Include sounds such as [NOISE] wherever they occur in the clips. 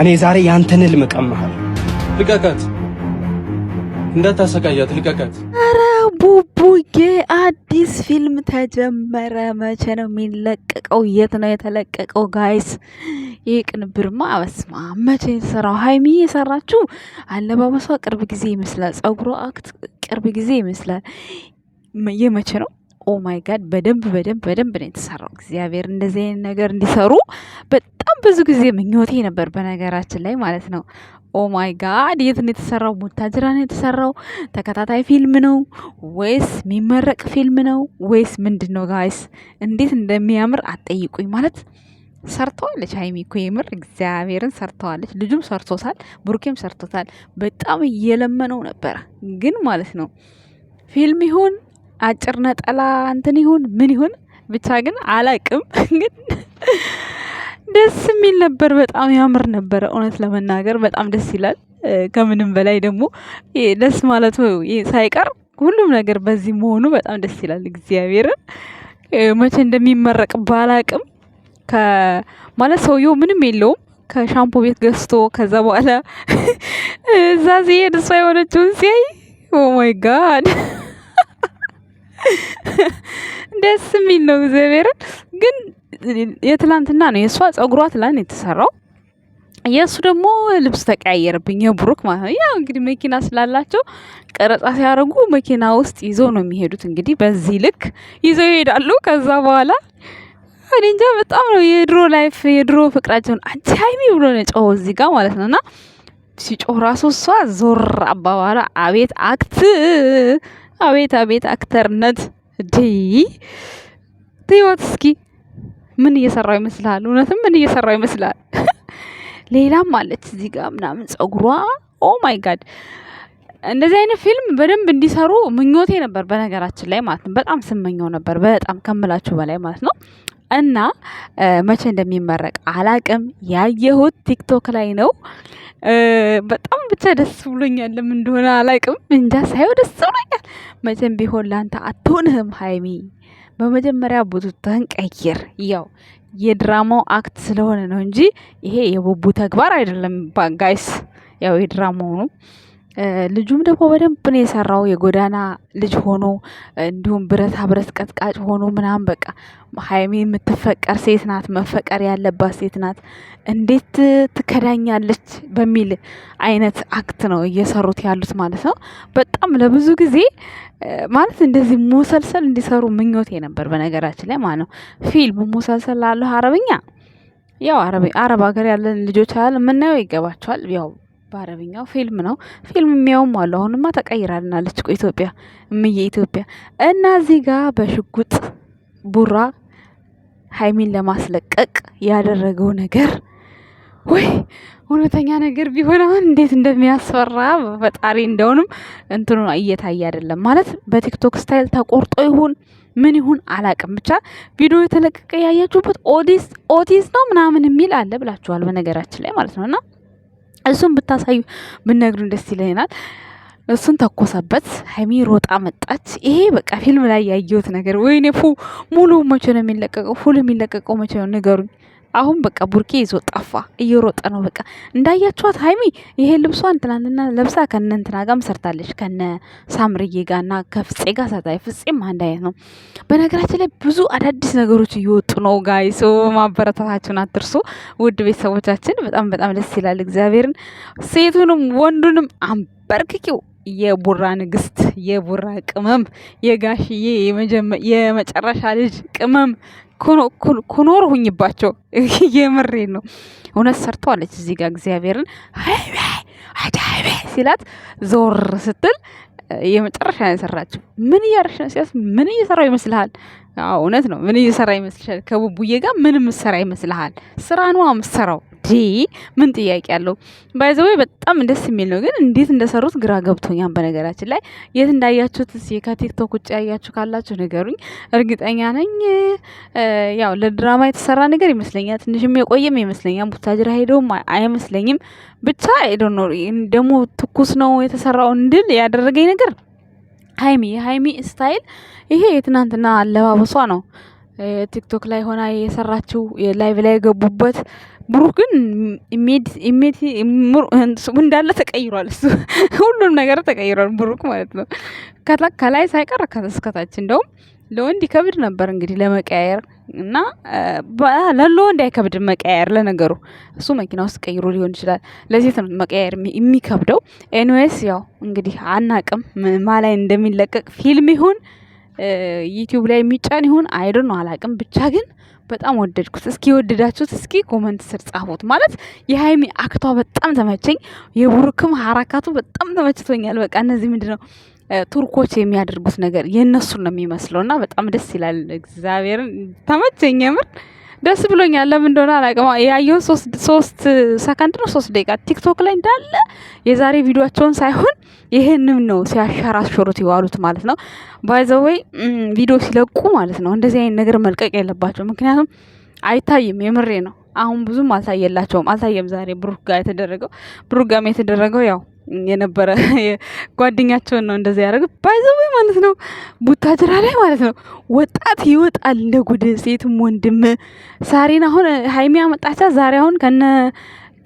እኔ ዛሬ ያንተን ህልም ቀምሃል። እንዳታሰቃያት፣ ልቀቀት። ኧረ ቡቡዬ አዲስ ፊልም ተጀመረ። መቼ ነው የሚለቀቀው? የት ነው የተለቀቀው? ጋይስ ይህ ቅንብርማ አበስማ መቼ የተሰራው? ሀይሚ የሰራችው አለባበሷ ቅርብ ጊዜ ይመስላል። ጸጉሯ አክት ቅርብ ጊዜ ይመስላል። የመቼ ነው ኦ ማይ ጋድ በደንብ በደንብ በደንብ ነው የተሰራው። እግዚአብሔር እንደዚህ አይነት ነገር እንዲሰሩ በጣም ብዙ ጊዜ ምኞቴ ነበር፣ በነገራችን ላይ ማለት ነው። ኦ ማይ ጋድ የት ነው የተሰራው? ቡታጅራ ነው የተሰራው? ተከታታይ ፊልም ነው ወይስ የሚመረቅ ፊልም ነው ወይስ ምንድን ነው? ጋይስ እንዴት እንደሚያምር አትጠይቁኝ ማለት ሰርተዋለች ሀይሚ እኮ የምር እግዚአብሔርን ሰርተዋለች። ልጁም ሰርቶታል፣ ብሩኬም ሰርቶታል። በጣም እየለመነው ነበረ ግን ማለት ነው ፊልም ይሁን አጭር ነጠላ እንትን ይሁን ምን ይሁን ብቻ ግን አላቅም [LAUGHS] ግን ደስ የሚል ነበር። በጣም ያምር ነበረ። እውነት ለመናገር በጣም ደስ ይላል። ከምንም በላይ ደግሞ ደስ ማለቱ ሳይቀር ሁሉም ነገር በዚህ መሆኑ በጣም ደስ ይላል። እግዚአብሔርን መቼ እንደሚመረቅ ባላቅም ማለት ሰውየው ምንም የለውም ከሻምፖ ቤት ገዝቶ ከዛ በኋላ [LAUGHS] እዛ ሲሄድ እሷ የሆነችውን ሲያይ ኦ ማይ ጋድ [LAUGHS] ደስ የሚል ነው። እግዚአብሔርን ግን የትላንትና ነው የእሷ ጸጉሯ ትላንት የተሰራው የእሱ ደግሞ ልብስ ተቀያየርብኝ፣ የብሩክ ማለት ነው። ያው እንግዲህ መኪና ስላላቸው ቀረጻ ሲያደርጉ መኪና ውስጥ ይዘው ነው የሚሄዱት። እንግዲህ በዚህ ልክ ይዘው ይሄዳሉ። ከዛ በኋላ እኔ እንጃ በጣም ነው የድሮ ላይፍ የድሮ ፍቅራቸውን አንቺ ሀይሚ ብሎ ነው ጮኸው እዚህ ጋር ማለት ነው። እና ሲጮህ ራሱ እሷ ዞር አባባላ አቤት አክት አቤት አቤት አክተርነት ዲ ትይወት እስኪ ምን እየሰራው ይመስላል? እውነትም ምን እየሰራው ይመስላል? [LAUGHS] ሌላም አለች እዚህ ጋር ምናምን ጸጉሯ ኦ ማይ ጋድ እንደዚህ አይነት ፊልም በደንብ እንዲሰሩ ምኞቴ ነበር፣ በነገራችን ላይ ማለት ነው። በጣም ስመኘው ነበር፣ በጣም ከምላችሁ በላይ ማለት ነው። እና መቼ እንደሚመረቅ አላቅም። ያየሁት ቲክቶክ ላይ ነው። በጣም ብቻ ደስ ብሎኛል። ለምን እንደሆነ አላውቅም፣ እንጃ ሳየው ደስ ብሎኛል። መቼም ቢሆን ለአንተ አትሆንህም ሀይሚ። በመጀመሪያ ቡቱትህን ቀይር። ያው የድራማው አክት ስለሆነ ነው እንጂ ይሄ የቡቡ ተግባር አይደለም። ጋይስ ያው የድራማው ነው። ልጁም ደግሞ በደንብ ነው የሰራው። የጎዳና ልጅ ሆኖ እንዲሁም ብረታ ብረት ቀጥቃጭ ሆኖ ምናምን በቃ ሀይሜ የምትፈቀር ሴት ናት፣ መፈቀር ያለባት ሴት ናት፣ እንዴት ትከዳኛለች በሚል አይነት አክት ነው እየሰሩት ያሉት ማለት ነው። በጣም ለብዙ ጊዜ ማለት እንደዚህ ሙሰልሰል እንዲሰሩ ምኞቴ ነበር፣ በነገራችን ላይ ማለት ነው። ፊልም ሙሰልሰል ላለሁ አረብኛ ያው አረብ ሀገር ያለን ልጆች አለ የምናየው ይገባቸዋል ያው በአረብኛው ፊልም ነው። ፊልም የሚያውም አሉ። አሁንማ ተቀይራልናለች እኮ ኢትዮጵያ፣ እምዬ ኢትዮጵያ። እና እዚህ ጋር በሽጉጥ ቡራ ሀይሚን ለማስለቀቅ ያደረገው ነገር ወይ እውነተኛ ነገር ቢሆን አሁን እንዴት እንደሚያስፈራ በፈጣሪ እንደውንም እንትኑ እየታየ አይደለም። ማለት በቲክቶክ ስታይል ተቆርጦ ይሁን ምን ይሁን አላቅም። ብቻ ቪዲዮ የተለቀቀ ያያችሁበት ኦቲስ ኦቲስ ነው ምናምን የሚል አለ ብላችኋል፣ በነገራችን ላይ ማለት እና እሱን ብታሳዩ ብነግሩን ደስ ይለናል። እሱን ተኮሰበት። ሀይሚ ሮጣ መጣች። ይሄ በቃ ፊልም ላይ ያየሁት ነገር። ወይኔ ፉ ሙሉ መቼ ነው የሚለቀቀው? ፉል የሚለቀቀው መቼ ነው? ንገሩኝ። አሁን በቃ ቡርኬ ይዞ ጠፋ፣ እየሮጠ ነው። በቃ እንዳያችኋት ሀይሚ ይሄ ልብሷን ትናንትና ለብሳ ከነ እንትና ጋም ሰርታለች፣ ከነ ሳምርዬ ጋና ከፍጼ ጋር ሰርታለች። ፍጼም አንድ አይነት ነው። በነገራችን ላይ ብዙ አዳዲስ ነገሮች እየወጡ ነው። ጋይ ሰው ማበረታታችሁን አትርሱ ውድ ቤተሰቦቻችን። በጣም በጣም ደስ ይላል። እግዚአብሔርን ሴቱንም ወንዱንም አንበርክኪው የቡራ ንግስት፣ የቡራ ቅመም፣ የጋሽዬ የመጨረሻ ልጅ ቅመም ኖር ሁኝባቸው [LAUGHS] የምሬ ነው። እውነት ሰርተዋለች እዚህ ጋር እግዚአብሔርን ሲላት ዞር ስትል የመጨረሻ ነው የሰራችው። ምን እያረሽ ነው ሲያስ ምን እየሰራው ይመስልሃል? አዎ እውነት ነው። ምን እየሰራ ይመስልሻል? ከቡቡዬ ጋር ምን ምሰራ ይመስልሃል? ስራ ነው ምሰራው። ዲ ምን ጥያቄ አለው? ባይዘዌ በጣም ደስ የሚል ነው፣ ግን እንዴት እንደሰሩት ግራ ገብቶኛል። በነገራችን ላይ የት እንዳያችሁት እስኪ ከቲክቶክ ውጭ ያያችሁ ካላችሁ ንገሩኝ። እርግጠኛ ነኝ ያው ለድራማ የተሰራ ነገር ይመስለኛል። ትንሽም የቆየም ይመስለኛል። ቡታጅራ ሄደውም አይመስለኝም። ብቻ ደግሞ ትኩስ ነው የተሰራው እንድል ያደረገኝ ነገር ሀይሚ የሀይሚ ስታይል ይሄ የትናንትና አለባበሷ ነው። ቲክቶክ ላይ ሆና የሰራችው ላይቭ ላይ የገቡበት ብሩክ ግን እንዳለ ተቀይሯል። እሱ ሁሉም ነገር ተቀይሯል። ብሩክ ማለት ነው ከላይ ሳይቀር እስከታች እንደውም ለወንድ ይከብድ ነበር እንግዲህ ለመቀያየር እና ለወንድ አይከብድም መቀያየር። ለነገሩ እሱ መኪና ውስጥ ቀይሮ ሊሆን ይችላል። ለሴት ነው መቀያየር የሚከብደው። ኤንዌስ ያው እንግዲህ አናቅም ማ ላይ እንደሚለቀቅ ፊልም ይሁን ዩቲዩብ ላይ የሚጫን ይሁን አይዶ ነው አላቅም። ብቻ ግን በጣም ወደድኩት። እስኪ የወደዳችሁት እስኪ ኮመንት ስር ጻፉት። ማለት የሀይሚ አክቷ በጣም ተመቸኝ፣ የቡሩክም ሀራካቱ በጣም ተመችቶኛል። በቃ እነዚህ ምንድን ነው ቱርኮች የሚያደርጉት ነገር የእነሱን ነው የሚመስለው እና በጣም ደስ ይላል። እግዚአብሔርን ተመቸኝ የምር ደስ ብሎኛል። ለምን እንደሆነ አላውቅም። ያየሁት ሶስት ሰከንድ ነው ሶስት ደቂቃ ቲክቶክ ላይ እንዳለ የዛሬ ቪዲዮቸውን ሳይሆን ይህንም ነው ሲያሸራሽሩት የዋሉት ማለት ነው። ባይዘወይ ቪዲዮ ሲለቁ ማለት ነው እንደዚህ አይነት ነገር መልቀቅ የለባቸው ምክንያቱም አይታይም። የምሬ ነው። አሁን ብዙም አልታየላቸውም። አልታየም። ዛሬ ብሩክ ጋር የተደረገው ብሩክ ጋም የተደረገው ያው የነበረ ጓደኛቸውን ነው እንደዚ ያደረገ ባይዘው ማለት ነው። ቡታጅራ ላይ ማለት ነው ወጣት ይወጣል እንደ ጉድ፣ ሴትም ወንድም። ሳሪን አሁን ሀይሚ አመጣቻ ዛሬ አሁን ከነ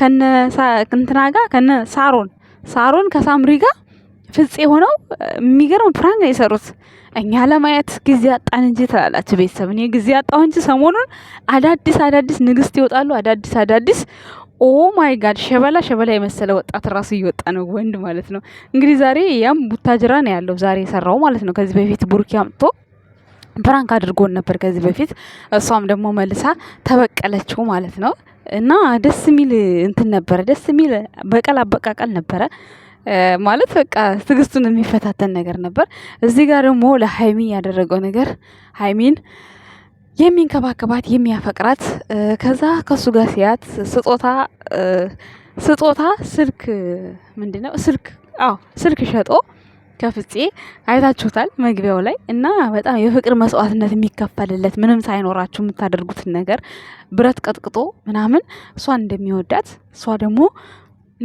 ከነ እንትና ጋር ከነ ሳሮን ሳሮን ከሳምሪ ጋር ፍጽ የሆነው የሚገርም ፕራንክ ነው የሰሩት። እኛ ለማየት ጊዜ አጣን እንጂ ትላላችሁ ቤተሰብ። እኔ ጊዜ አጣሁ እንጂ ሰሞኑን አዳዲስ አዳዲስ ንግስት ይወጣሉ። አዳዲስ አዳዲስ ኦ ማይ ጋድ ሸበላ ሸበላ የመሰለ ወጣት ራሱ እየወጣ ነው፣ ወንድ ማለት ነው። እንግዲህ ዛሬ ያም ቡታጅራ ነው ያለው ዛሬ የሰራው ማለት ነው። ከዚህ በፊት ቡርኪ አምጥቶ ብራንክ አድርጎን ነበር ከዚህ በፊት እሷም ደግሞ መልሳ ተበቀለችው ማለት ነው። እና ደስ የሚል እንትን ነበረ፣ ደስ የሚል በቀል አበቃቀል ነበረ ማለት በቃ ትግስቱን የሚፈታተን ነገር ነበር። እዚህ ጋር ደግሞ ለሀይሚ ያደረገው ነገር ሀይሚን የሚንከባከባት የሚያፈቅራት ከዛ ከሱ ጋር ሲያት ስጦታ ስጦታ ስልክ ምንድን ነው ስልክ አዎ ስልክ ሸጦ ከፍፄ አይታችሁታል መግቢያው ላይ እና በጣም የፍቅር መስዋዕትነት የሚከፈልለት ምንም ሳይኖራችሁ የምታደርጉትን ነገር ብረት ቀጥቅጦ ምናምን እሷን እንደሚወዳት እሷ ደግሞ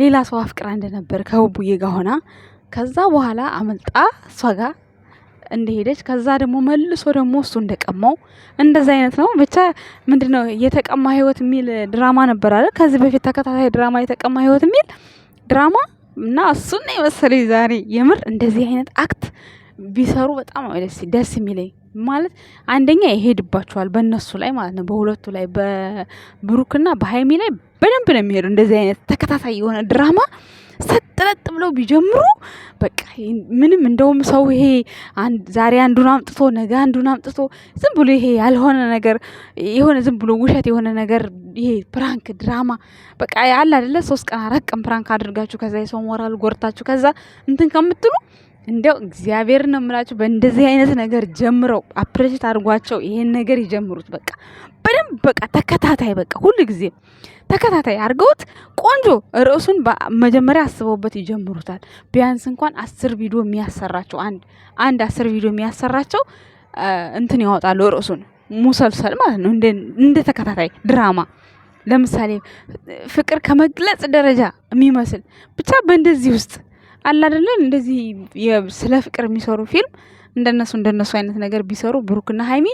ሌላ ሰው አፍቅራ እንደነበር ከውቡዬ ጋር ሆና ከዛ በኋላ አመልጣ እሷ ጋር እንደሄደች ከዛ ደግሞ መልሶ ደግሞ እሱ እንደቀማው እንደዚ አይነት ነው። ብቻ ምንድነው የተቀማ ህይወት የሚል ድራማ ነበር አለ ከዚህ በፊት ተከታታይ ድራማ የተቀማ ህይወት የሚል ድራማ እና እሱን የመሰለኝ ዛሬ የምር እንደዚህ አይነት አክት ቢሰሩ በጣም ደስ ደስ የሚለኝ። ማለት አንደኛ ይሄድባቸዋል በእነሱ ላይ ማለት ነው፣ በሁለቱ ላይ በብሩክና በሀይሚ ላይ በደንብ ነው የሚሄዱ እንደዚህ አይነት ተከታታይ የሆነ ድራማ ሰጥለጥ ብለው ቢጀምሩ በቃ ምንም እንደውም ሰው ይሄ ዛሬ አንዱን አምጥቶ ነገ አንዱን አምጥቶ ዝም ብሎ ይሄ ያልሆነ ነገር የሆነ ዝም ብሎ ውሸት የሆነ ነገር ይሄ ፕራንክ ድራማ በቃ አለ አደለ ሶስት ቀን አራት ቀን ፕራንክ አድርጋችሁ ከዛ የሰው ሞራል ጎርታችሁ ከዛ እንትን ከምትሉ እንደው እግዚአብሔር ነው የምላችሁ በእንደዚህ አይነት ነገር ጀምረው አፕሬሽት አድርጓቸው ይሄን ነገር ይጀምሩት። በቃ በደንብ በቃ ተከታታይ በቃ ሁሉ ጊዜ ተከታታይ አድርገውት ቆንጆ ርዕሱን መጀመሪያ አስበውበት ይጀምሩታል። ቢያንስ እንኳን አስር ቪዲዮ የሚያሰራቸው አንድ አንድ አስር ቪዲዮ የሚያሰራቸው እንትን ያወጣሉ። ርዕሱን ሙሰልሰል ማለት ነው እንደ ተከታታይ ድራማ ለምሳሌ ፍቅር ከመግለጽ ደረጃ የሚመስል ብቻ በእንደዚህ ውስጥ አላ እንደዚህ ስለ ፍቅር የሚሰሩ ፊልም እንደነሱ እንደነሱ አይነት ነገር ቢሰሩ ብሩክና ሀይሚ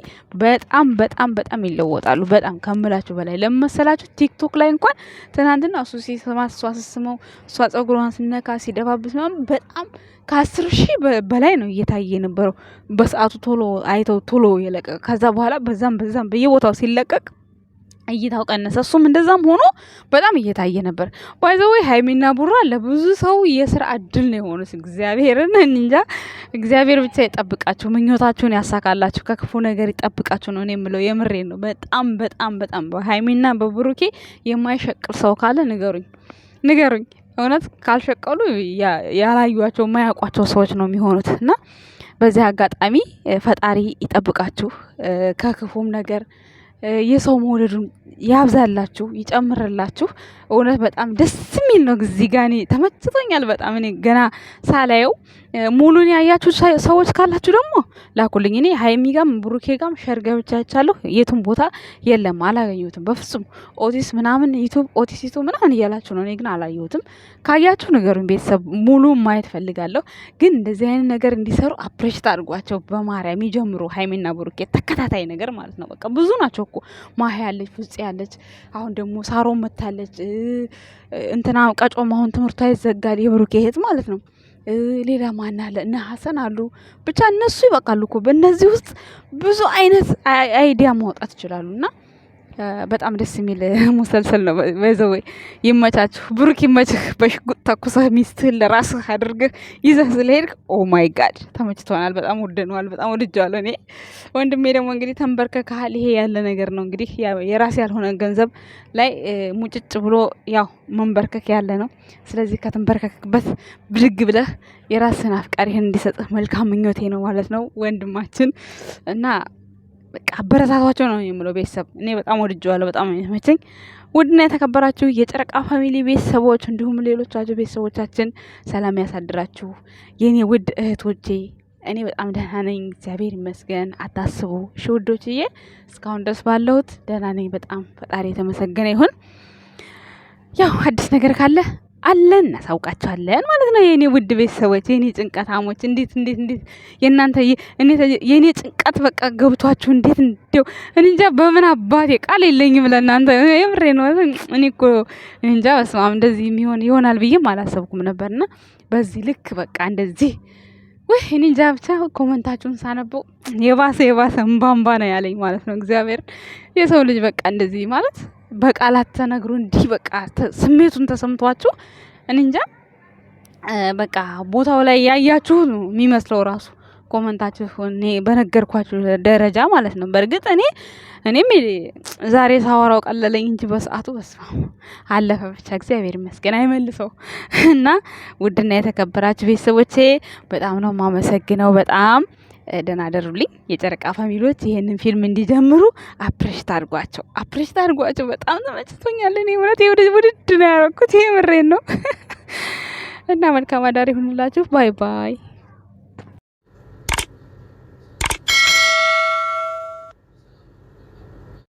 በጣም በጣም በጣም ይለወጣሉ። በጣም ከምላችሁ በላይ ለመሰላችሁ ቲክቶክ ላይ እንኳን ትናንትና እሱ ሲስማት እሷ ስስመው እሷ ጸጉሯን ስነካ ሲደፋብስ ምናምን በጣም ከአስር ሺህ በላይ ነው እየታየ የነበረው በሰዓቱ ቶሎ አይተው ቶሎ የለቀቀ ከዛ በኋላ በዛም በዛም በየቦታው ሲለቀቅ እይታው ቀነሰ። እሱም እንደዛም ሆኖ በጣም እየታየ ነበር። ወይ ሀይሚና ቡራ ለብዙ ሰው የስራ እድል ነው የሆኑት። እግዚአብሔርን እንጃ እግዚአብሔር ብቻ ይጠብቃችሁ፣ ምኞታችሁን ያሳካላችሁ፣ ከክፉ ነገር ይጠብቃችሁ ነው እኔ የምለው። የምሬ ነው። በጣም በጣም በጣም በሀይሚና በብሩኬ የማይሸቅል ሰው ካለ ንገሩኝ፣ ንገሩኝ። እውነት ካልሸቀሉ ያላዩቸው የማያውቋቸው ሰዎች ነው የሚሆኑት እና በዚህ አጋጣሚ ፈጣሪ ይጠብቃችሁ ከክፉም ነገር የሰው መውደዱን ያብዛላችሁ፣ ይጨምርላችሁ። እውነት በጣም ደስ የሚል ነው። እዚህ ጋ እኔ ተመችቶኛል በጣም እኔ ገና ሳላየው ሙሉን ያያችሁ ሰዎች ካላችሁ ደግሞ ላኩልኝ። እኔ ሀይሚ ጋም ብሩኬ ጋም ሸር ገብቻ የቱም ቦታ የለም አላገኘሁትም በፍጹም። ኦቲስ ምናምን ዩቱብ ኦቲስ ዩቱብ ምናምን እያላችሁ ነው፣ እኔ ግን አላየሁትም። ካያችሁ ነገሩን ቤተሰብ ሙሉ ማየት ፈልጋለሁ። ግን እንደዚህ አይነት ነገር እንዲሰሩ አፕሬሽት አድርጓቸው በማርያም ይጀምሩ። ሀይሚና ብሩኬ ተከታታይ ነገር ማለት ነው። በቃ ብዙ ናቸው እኮ ማህ ያለች ፍጽ ያለች አሁን ደግሞ ሳሮ መታለች እንትና ቀጮ መሆን ትምህርቱ ይዘጋል። የብሩኬ እህት ማለት ነው። ሌላ ማን አለ? እነ ሀሰን አሉ። ብቻ እነሱ ይበቃሉ እኮ በእነዚህ ውስጥ ብዙ አይነት አይዲያ ማውጣት ይችላሉ እና በጣም ደስ የሚል [LAUGHS] ሙሰልሰል ነው። በዘወ ይመቻችሁ፣ ብሩክ ይመችህ። በሽጉጥ ተኩሰህ ሚስትህን ለራስህ አድርገህ ይዘህ ስለሄድክ ኦ ማይ ጋድ ተመችቶናል። በጣም ወደነዋል። በጣም ወድጀዋለሁ። እኔ ወንድሜ ደግሞ እንግዲህ ተንበርከካል። ይሄ ያለ ነገር ነው እንግዲህ የራስ ያልሆነ ገንዘብ ላይ ሙጭጭ ብሎ ያው መንበርከክ ያለ ነው። ስለዚህ ከተንበርከክበት ብድግ ብለህ የራስህን አፍቃሪህን እንዲሰጥህ መልካም ምኞቴ ነው ማለት ነው ወንድማችን እና በቃ አበረታቷቸው ነው የምለው። ቤተሰብ እኔ በጣም ወድጀዋለሁ። በጣም መቸኝ። ውድና የተከበራችሁ የጨረቃ ፋሚሊ ቤተሰቦች እንዲሁም ሌሎቻቸው ቤተሰቦቻችን ሰላም ያሳድራችሁ የእኔ ውድ እህቶቼ። እኔ በጣም ደህና ነኝ፣ እግዚአብሔር ይመስገን። አታስቡ እሺ ውዶችዬ። እስካሁን ድረስ ባለሁት ደህና ነኝ። በጣም ፈጣሪ የተመሰገነ ይሁን። ያው አዲስ ነገር ካለ አለን እናሳውቃቸዋለን ማለት ነው። የእኔ ውድ ቤተሰቦች፣ የእኔ ጭንቀታሞች እንዴት እንዴት እንዴት የእናንተ የእኔ ጭንቀት በቃ ገብቷችሁ እንዴት እንደው እንጃ በምን አባቴ ቃል የለኝም ለእናንተ የምሬ ነው። እኔ እኮ እንጃ በስመ አብ እንደዚህ የሚሆን ይሆናል ብዬም አላሰብኩም ነበርና በዚህ ልክ በቃ እንደዚህ ወይ እኔ እንጃ ብቻ ኮመንታችሁን ሳነበው የባሰ የባሰ እምባ እምባ ነው ያለኝ ማለት ነው። እግዚአብሔር የሰው ልጅ በቃ እንደዚህ ማለት በቃላት ተነግሮ እንዲህ በቃ ስሜቱን ተሰምቷችሁ እኔ እንጃ በቃ ቦታው ላይ ያያችሁ የሚመስለው ራሱ ኮመንታችሁ እኔ በነገርኳችሁ ደረጃ ማለት ነው። በእርግጥ እኔ እኔም ዛሬ ሳወራው ቀለለኝ እንጂ በሰዓቱ በስመ አለፈ። ብቻ እግዚአብሔር ይመስገን አይመልሰው [LAUGHS] እና ውድና የተከበራችሁ ቤተሰቦቼ በጣም ነው ማመሰግነው በጣም ደህና ደሩልኝ የጨረቃ ፋሚሊዎች ይሄንን ፊልም እንዲጀምሩ አፕሬሽት አድርጓቸው፣ አፕሬሽት አድርጓቸው። በጣም ተመችቶኛል። እኔ እውነት ውድድ ነው ያረኩት። ይሄ ምሬን ነው [LAUGHS] እና መልካም አዳር ይሁንላችሁ። ባይ ባይ።